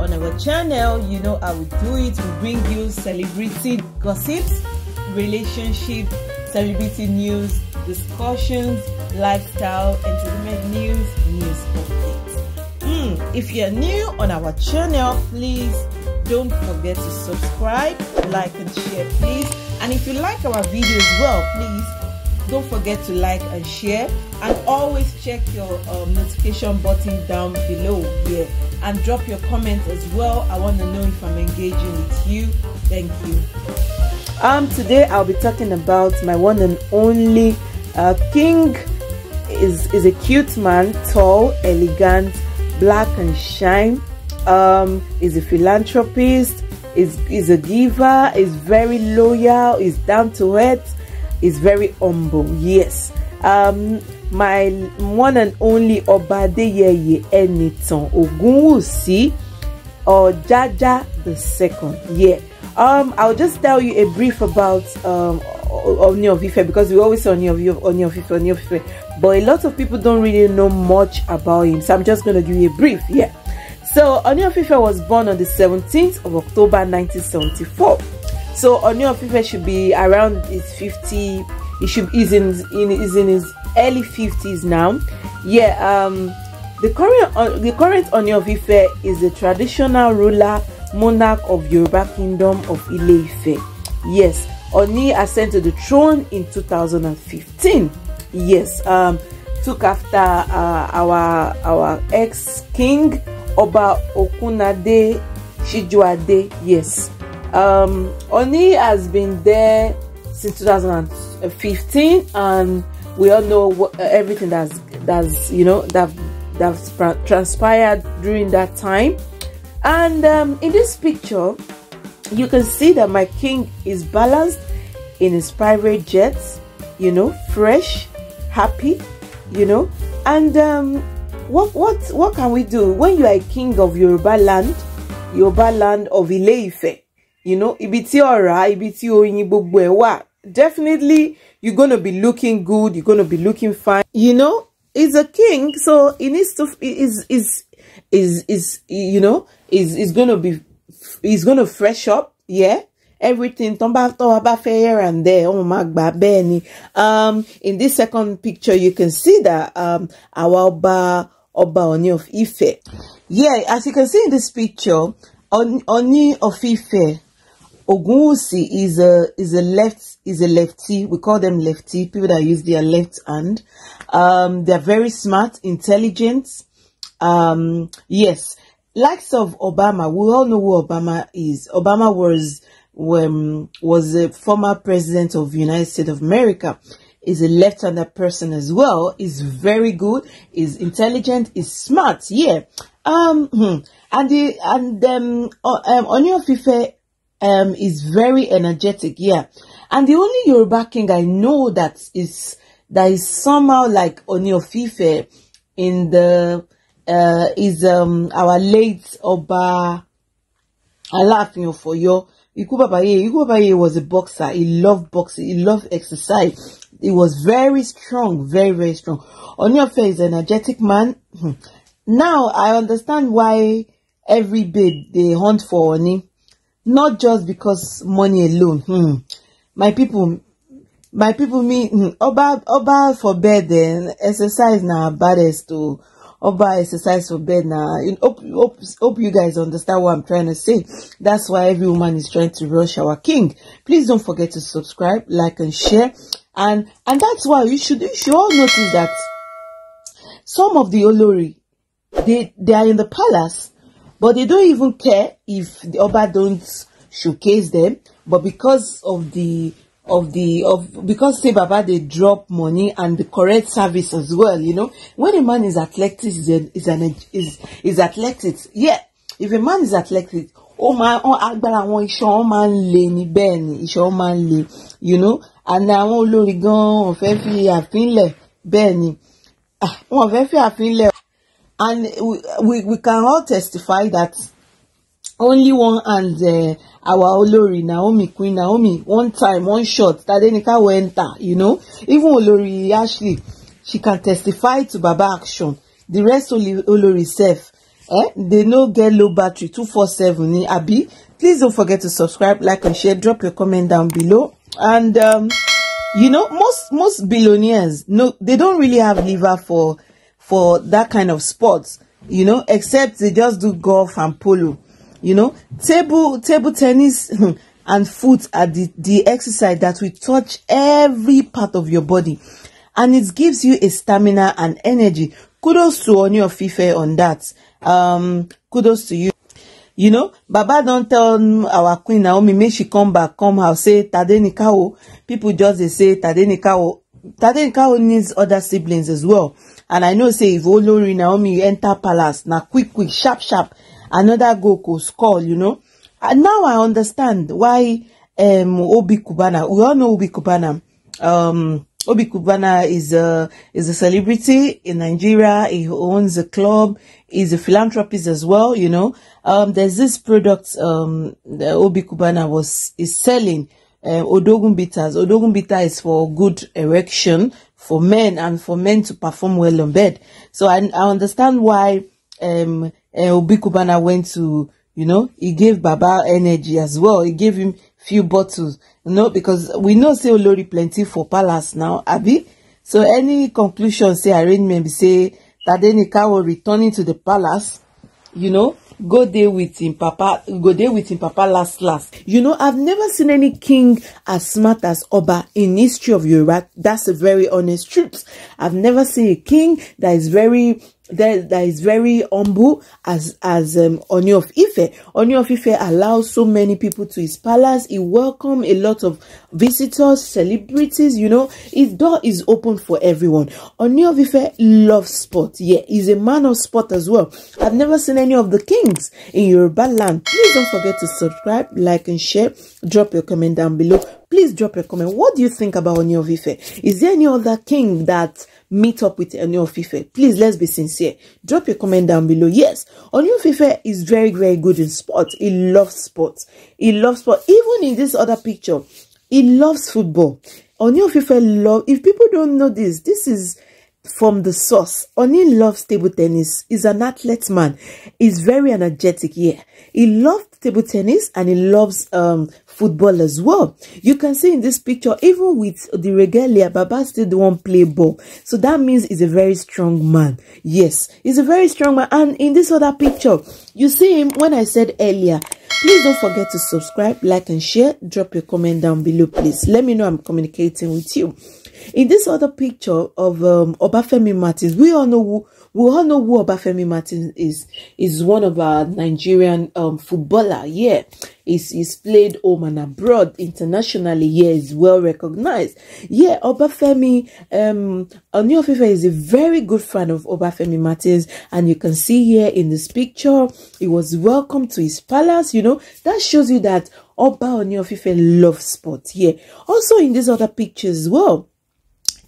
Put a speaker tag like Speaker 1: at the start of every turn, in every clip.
Speaker 1: on our channel, you know I will do it. We bring you celebrity gossips, relationship, celebrity news, discussions, lifestyle, entertainment news, news updates. Mm, if you're new on our channel, please don't forget to subscribe, like and share please. And if you like our videos, well, please don't forget to like and share and always check your um, notification button down below here and drop your comments as well i want to know if i'm engaging with you thank you um today i'll be talking about my one and only uh, king is is a cute man tall elegant black and shine um is a philanthropist is is a giver is very loyal is down to earth is very humble. Yes. Um, my one and only Obadeyeye Enitan Ogunwusi or Jaja the second. Yeah. Um, I'll just tell you a brief about um Oni of Ife because we always say Oni of Ife, Oni of Ife, Oni of Ife. But a lot of people don't really know much about him, so I'm just gonna give you a brief. Yeah. So Oni of Ife was born on the 17th of October 1974 so Onion Fife should be around his 50. He should is in is in his early 50s now. Yeah. Um. The current uh, the current Onion is the traditional ruler monarch of Yoruba Kingdom of Ile-Ife. Yes, Oni ascended the throne in 2015. Yes, um, took after uh, our our ex king Oba Okunade Shijuade. Yes, um, Oni has been there since 2015, and we all know what, uh, everything that's that's you know that that's transpired during that time. And um, in this picture, you can see that my king is balanced in his private jets, you know, fresh, happy, you know. And um, what what what can we do when you are a king of Yoruba land, Yoruba land of Ile-Ife? you know ibi tí ọ̀rá ibi tí oyin gbogbo ẹ̀ wà definitely you're gonna be looking good you're gonna be looking fine you know he's a king so he needs to is is is is you know is is gonna be he's gonna fresh up yeah everything tó bá tó bá fẹ́ here and there ó máa gbà bẹ́ẹ̀ ni um in this second picture you can see that um our ọba ọba Ọọ̀ni of Ife yeah as you can see in this picture Oni of Ife Ogunwusi is a is a left is a lefty. We call them lefty people that use their left hand. Um, they're very smart, intelligent. Um, yes, likes of Obama. We all know who Obama is. Obama was um, was a former president of United States of America. Is a left-handed person as well. Is very good. Is intelligent. Is smart. Yeah. Um. Hmm. And the and um, um Fife um, is very energetic. Yeah. And the only Yoruba king I know that is, that is somehow like Oniofife in the, uh, is, um, our late Oba Alaafin for Oyo. Iku Babaye, Iku Babaye was a boxer. He loved boxing. He loved exercise. He was very strong, very, very strong. On is an energetic man. Hmm. now I understand why every babe they hunt for Oni not just because money alone hmm. my people my people me hmm, oba oba for bed eh, exercise now. baddest to oh. oba exercise for bed now. hope, hope, hope you guys understand what i'm trying to say that's why every woman is trying to rush our king please don't forget to subscribe like and share and and that's why you should you should all notice that some of the olori they they are in the palace But they don't even care if the Oba don't showcase them. But because of the of the of because say baba they drop money and the correct service as well you know when a man is athletic is an, is an is is athletic yeah if a man is athletic oh man oh agbára wọn iṣan wọn máa ń le ní bẹ́ẹ̀ ni iṣan wọn le you know and I olori olórí gan-an wọn fẹ́ fi àfínlẹ̀ bẹ́ẹ̀ I ah, wọn fẹ́ fi àfínlẹ̀ and we, we can all testify that only one and uh, eh, our olori naomi queen naomi one time one shot tadenika will enter you know even olori ashley she can testify to baba action the rest only olori self eh they no get low battery two four seven ni abi please don't forget to subscribe like and share drop your comment down below and um, you know most most billionaires no they don't really have liver for for that kind of sports, you know, except they just do golf and polo. You know, table table tennis and foot are the, the exercise that will touch every part of your body and it gives you a stamina and energy. Kudos to Oni Fife on that. Um, kudos to you. You know, Baba don't tell our Queen Naomi, make she come back, come house, say Tadenikawo. People just they say Tadenikawo tadenka needs other siblings as well and i know say if olori naomi enter palace now quick quick sharp sharp another goal go you know and now i understand why um obi kubana we all know obi kubana um obi kubana is a is a celebrity in nigeria he owns a club he's a philanthropist as well you know um there's this product um obi kubana was is selling uh, Odogun bitters. Odogun bitter is for good erection for men and for men to perform well on bed. So I, I understand why um, uh, Obi Kubana went to, you know, he gave Baba energy as well. He gave him few bottles, you know, because we know say Olori plenty for palace now, Abi. So any conclusion, say arrangement, say that Tadeni Kawo returning to the palace, you know, go there with him papa go there with him papa last last you know i've never seen any king as smart as oba in history of europe that's a very honest truth i've never seen a king that is very that, that is very humble as as um, Oni of Ife. Oni of Ife allows so many people to his palace. He welcomes a lot of visitors, celebrities, you know. His door is open for everyone. Oni of Ife loves sport. Yeah, he's a man of sport as well. I've never seen any of the kings in Yoruba land. Please don't forget to subscribe, like and share. Drop your comment down below please drop your comment. What do you think about Onio Fife? Is there any other king that meet up with Onio Fife? Please, let's be sincere. Drop your comment down below. Yes, Onio Fife is very, very good in sports. He loves sports. He loves sport. Even in this other picture, he loves football. Onio Fife love. If people don't know this, this is from the source. Oni loves table tennis. He's an athlete man. He's very energetic. Yeah, he loves table tennis and he loves um, football as well. You can see in this picture, even with the regalia, Baba still don't play ball. So that means he's a very strong man. Yes, he's a very strong man. And in this other picture, you see him when I said earlier, please don't forget to subscribe, like and share. Drop your comment down below, please. Let me know I'm communicating with you. In this other picture of um, Obafemi Martins, we all know who we all know who Obafemi Martin is. Is one of our Nigerian um, footballer. Yeah, he's, he's played home and abroad internationally. Yeah, he's well recognized. Yeah, Obafemi um, Oniofife is a very good fan of Obafemi Martins, and you can see here in this picture, he was welcomed to his palace. You know that shows you that Oba Oniofife loves sports. Yeah, also in these other pictures as well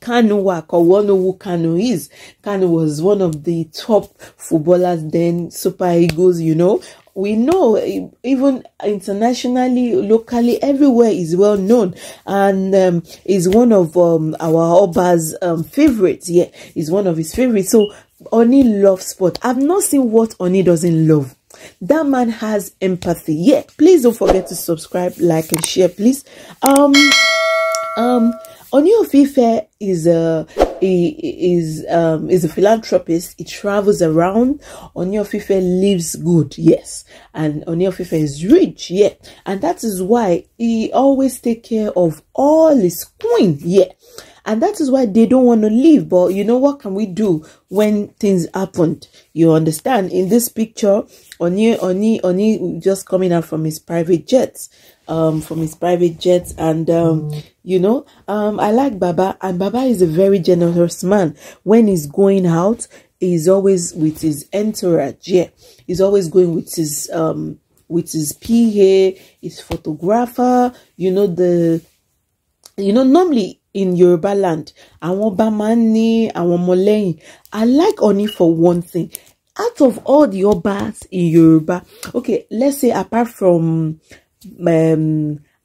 Speaker 1: Kanuak or one who Kanu is. Kanu was one of the top footballers then, Super Eagles, you know. We know even internationally, locally, everywhere is well known and um, is one of um, our Oba's um, favorites. Yeah, is one of his favorites. So Oni loves sport. I've not seen what Oni doesn't love. That man has empathy. Yeah, please don't forget to subscribe, like, and share, please. Um, um, Onio Fife is a is um is a philanthropist. He travels around. Onio Fife lives good, yes, and Onio Fife is rich, yeah, and that is why he always take care of all his queen, yeah, and that is why they don't want to leave but you know what can we do when things happened you understand in this picture oni oni oni just coming out from his private jets um from his private jets and um you know um i like baba and baba is a very generous man when he's going out he's always with his entourage yeah he's always going with his um with his PA, his photographer, you know, the, you know, normally in Yoruba land àwọn ọba máa ń ní àwọn ọmọlẹ́yìn I like Oni for one thing out of all the obas in Yoruba okay let's say apart from um,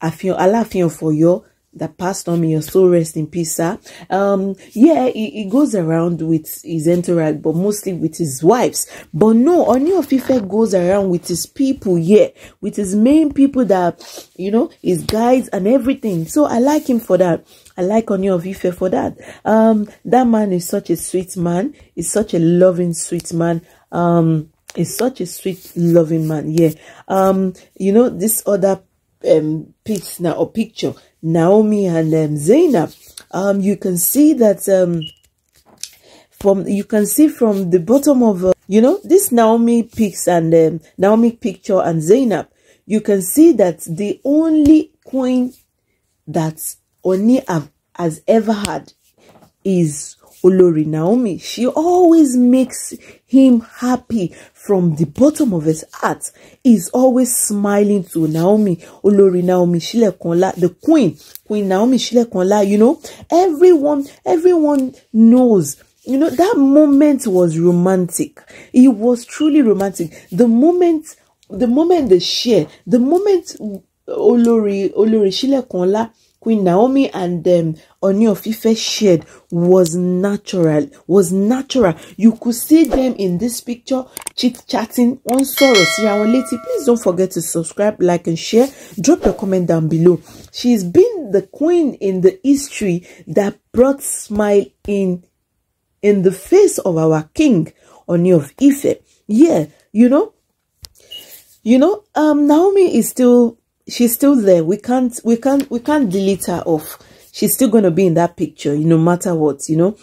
Speaker 1: àfihàn aláfihàn for Ọ̀yọ́ that passed on your soul rest in peace, sir. Um, yeah, he, he, goes around with his entourage, but mostly with his wives. But no, Oni of Ife goes around with his people, yeah, with his main people that, you know, his guides and everything. So I like him for that. I like Oni of Ife for that. Um, that man is such a sweet man. He's such a loving, sweet man. Um, he's such a sweet, loving man, yeah. Um, you know, this other um piece now or picture Naomi and um, Zainab, um, you can see that um, from you can see from the bottom of uh, you know this Naomi pics and um, Naomi picture and Zainab, you can see that the only coin that Oni have, has ever had is Olori Naomi, she always makes him happy from the bottom of his heart. He's always smiling to Naomi, Olori Naomi Shilekonla, the queen, Queen Naomi Shilekonla, you know, everyone, everyone knows you know that moment was romantic it was truly romantic the moment the moment they share the moment olori olori shilekanla Queen Naomi and um, Oniofife shared was natural. Was natural. You could see them in this picture chit-chatting on soros. See our lady, please don't forget to subscribe, like and share. Drop your comment down below. She's been the queen in the history that brought smile in in the face of our king on your Ife. Yeah, you know, you know, um, Naomi is still she's still there. We can't we can't we can't delete her off. She's still gonna be in that picture, you no know, matter what, you know.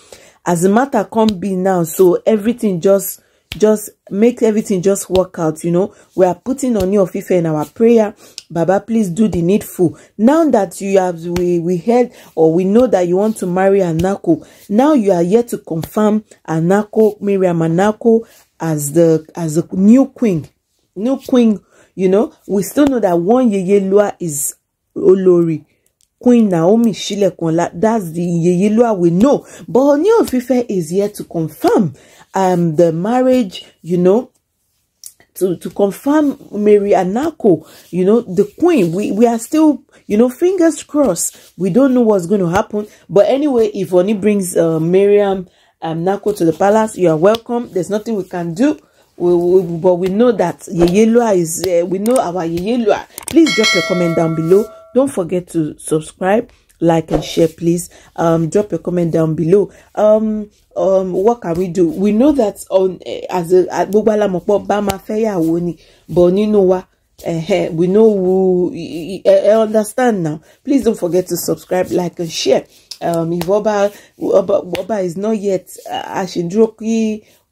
Speaker 1: As a matter can't be now, so everything just just make everything just work out you know we are putting on your fifa in our prayer baba please do the needful now that you have we we heard or we know that you want to marry anako now you are yet to confirm anako miriam anako as the as the new queen new queen you know, we still know that one Yeyelua is Olori. Queen Naomi Shilekunla, that's the Yeyelua we know. But Ooni of is here to confirm um, the marriage, you know, to, to confirm Mary Anako, you know, the queen. We, we are still, you know, fingers crossed. We don't know what's going to happen. But anyway, if Oni brings uh, Miriam um, Nako to the palace, you are welcome. There's nothing we can do. we, we, but we know that yeyelua is uh, we know our yeyelua please drop your comment down below don't forget to subscribe like and share please um drop your comment down below um um what can we do we know that on uh, as a gbogbo Mopo bá máa fẹ́ yàwó ni but nínú wa uh, we know who uh, understand now please don't forget to subscribe like and share um if ọba ọba ọba is not yet uh, a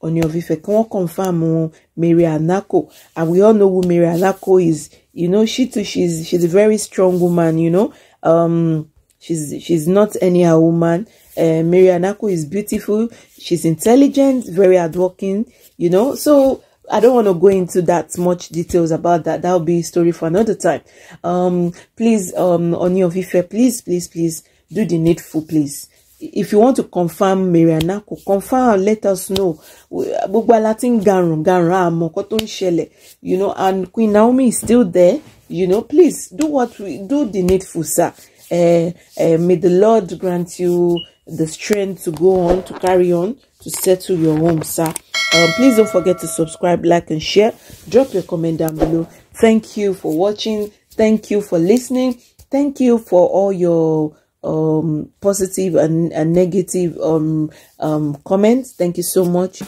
Speaker 1: Onyovife. Come on, confirm oh, Mary Anako. And we all know who Mary Anako is. You know, she too, she's she's a very strong woman, you know. Um she's she's not any woman. Uh, Mary Anako is beautiful, she's intelligent, very hardworking, you know. So I don't want to go into that much details about that. That'll be a story for another time. Um, please, um, Oni please, please, please do the needful, please. if you want to confirm Mary Anako confirm let us know gbogbo ala ti ń garun garun àmọ́ kó tó ń ṣẹlẹ̀ you know and Queen Naomi is still there you know please do what we do the needful sir uh, uh, may the Lord grant you the strength to go on to carry on to settle your home sir um, please don't forget to subscribe like and share drop your comment down below thank you for watching thank you for listening thank you for all your. um, positive and, and negative um, um, comments. Thank you so much.